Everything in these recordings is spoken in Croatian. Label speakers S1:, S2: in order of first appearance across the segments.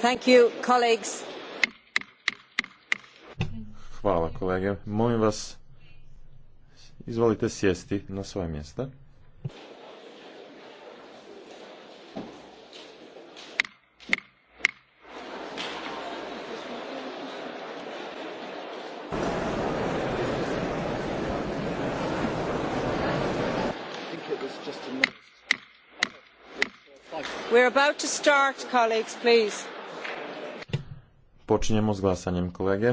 S1: Thank you, colleagues. Hvala kolege. Molim vas, izvolite sjesti na svoje mjesta. We're about to start, colleagues, please počinjemo s glasanjem, kolege.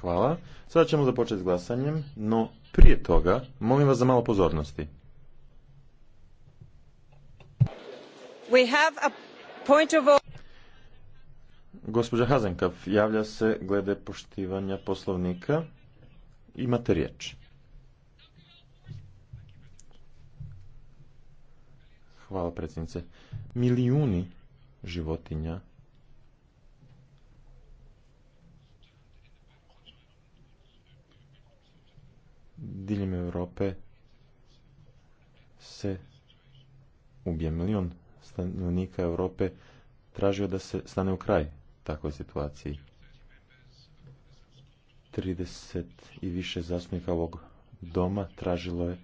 S1: Hvala. Sada ćemo započeti s glasanjem, no prije toga molim vas za malo pozornosti. Gospođa javlja se glede poštivanja poslovnika. Imate riječ. Hvala predsjednice. Milijuni životinja diljem Europe se ubije milion stanovnika Europe tražio da se stane u kraj takvoj situaciji. 30 i više zastupnika ovog doma tražilo je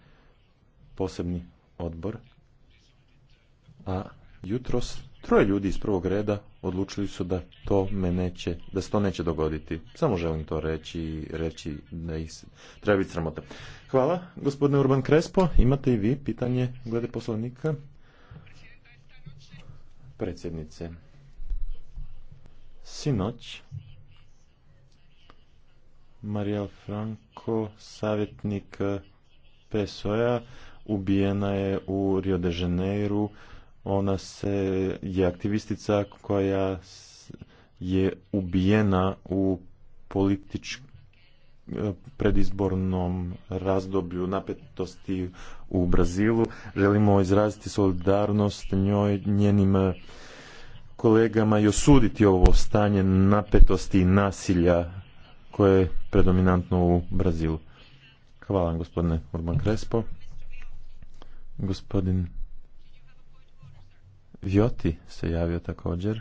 S1: posebni odbor, a jutros troje ljudi iz prvog reda odlučili su da to me neće, da se to neće dogoditi. Samo želim to reći, reći da ih treba biti sramota. Hvala, gospodine Urban Krespo, imate i vi pitanje glede poslovnika? Predsjednice, sinoć Marijal Franco, savjetnik PSO-a, ubijena je u Rio de Janeiru ona se je aktivistica koja je ubijena u političkom predizbornom razdoblju napetosti u Brazilu. Želimo izraziti solidarnost njoj, njenim eh, kolegama i osuditi ovo stanje napetosti i nasilja koje je predominantno u Brazilu. Hvala vam gospodine Urban Krespo. Gospodin Vjoti se javio također.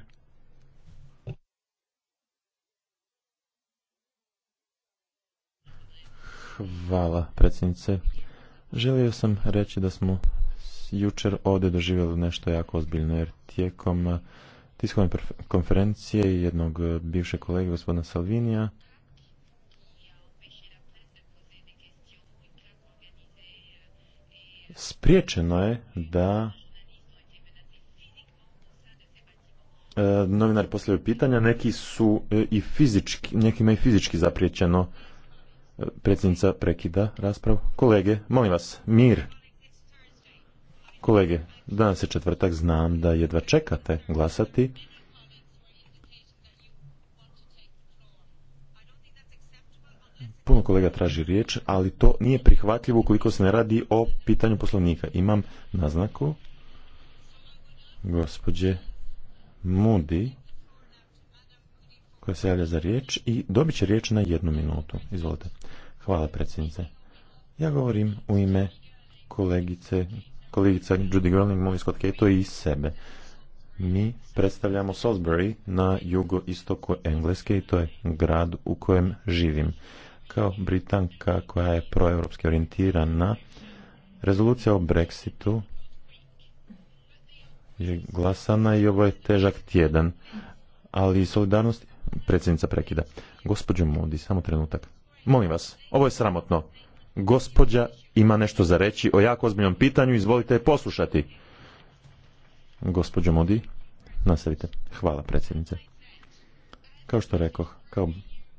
S1: Hvala, predsjednice. Želio sam reći da smo jučer ovdje doživjeli nešto jako ozbiljno, jer tijekom eh, tiskovne konferencije jednog eh, bivšeg kolege, gospodina Salvinija, spriječeno je da E, novinari postavljaju pitanja, neki su e, i fizički, nekima i fizički zapriječeno. E, predsjednica prekida raspravu. Kolege, molim vas, mir. Kolege, danas je četvrtak, znam da jedva čekate glasati. Puno kolega traži riječ, ali to nije prihvatljivo ukoliko se ne radi o pitanju poslovnika. Imam naznaku. gospođe Moody koja se javlja za riječ i dobit će riječ na jednu minutu. Izvolite. Hvala predsjednice. Ja govorim u ime kolegice, kolegica Judy Gerling, i Scott Cato i sebe. Mi predstavljamo Salisbury na jugoistoku Engleske i to je grad u kojem živim. Kao Britanka koja je proeuropski orijentirana, rezolucija o Brexitu je glasana i ovo je težak tjedan, ali solidarnost predsjednica prekida. Gospođo Modi, samo trenutak. Molim vas, ovo je sramotno. Gospođa ima nešto za reći o jako ozbiljnom pitanju, izvolite je poslušati. Gospođo Modi, nastavite. Hvala predsjednice. Kao što rekoh, kao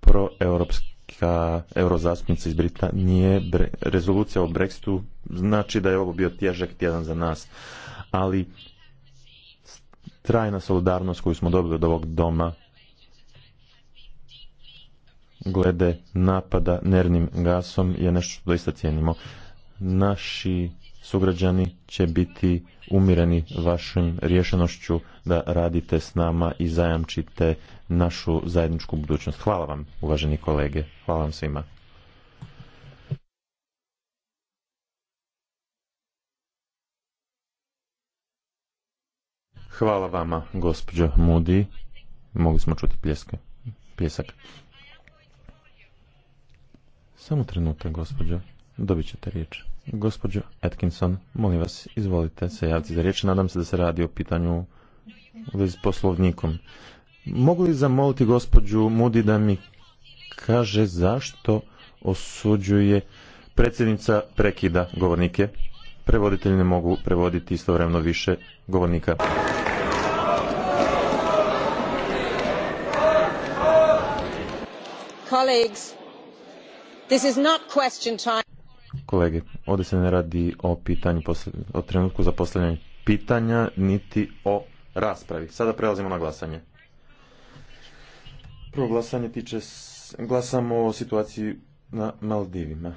S1: proeuropska eurozastupnica iz Britanije, rezolucija o Brexitu znači da je ovo bio težak tjedan za nas ali trajna solidarnost koju smo dobili od ovog doma glede napada nernim gasom je nešto što doista cijenimo. Naši sugrađani će biti umireni vašim rješenošću da radite s nama i zajamčite našu zajedničku budućnost. Hvala vam, uvaženi kolege. Hvala vam svima. Hvala vama, gospođo Mudi. Mogli smo čuti pljeske, pljesak. Samo trenutak, gospođo. Dobit ćete riječ. Gospođo Atkinson, molim vas, izvolite se javiti za riječ. Nadam se da se radi o pitanju u s poslovnikom. Mogu li zamoliti gospođu Mudi da mi kaže zašto osuđuje predsjednica prekida govornike? Prevoditelji ne mogu prevoditi istovremeno više govornika. Kolege, ovdje se ne radi o pitanju, o trenutku za postavljanje pitanja, niti o raspravi. Sada prelazimo na glasanje. Prvo glasanje tiče, glasamo o situaciji na Maldivima.